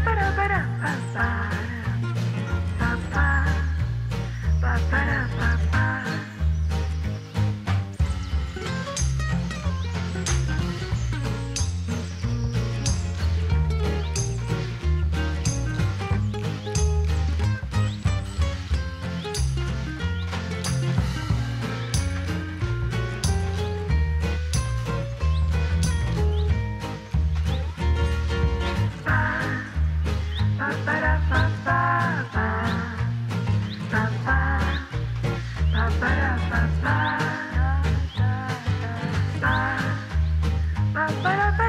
ba ba ba da ba ba Para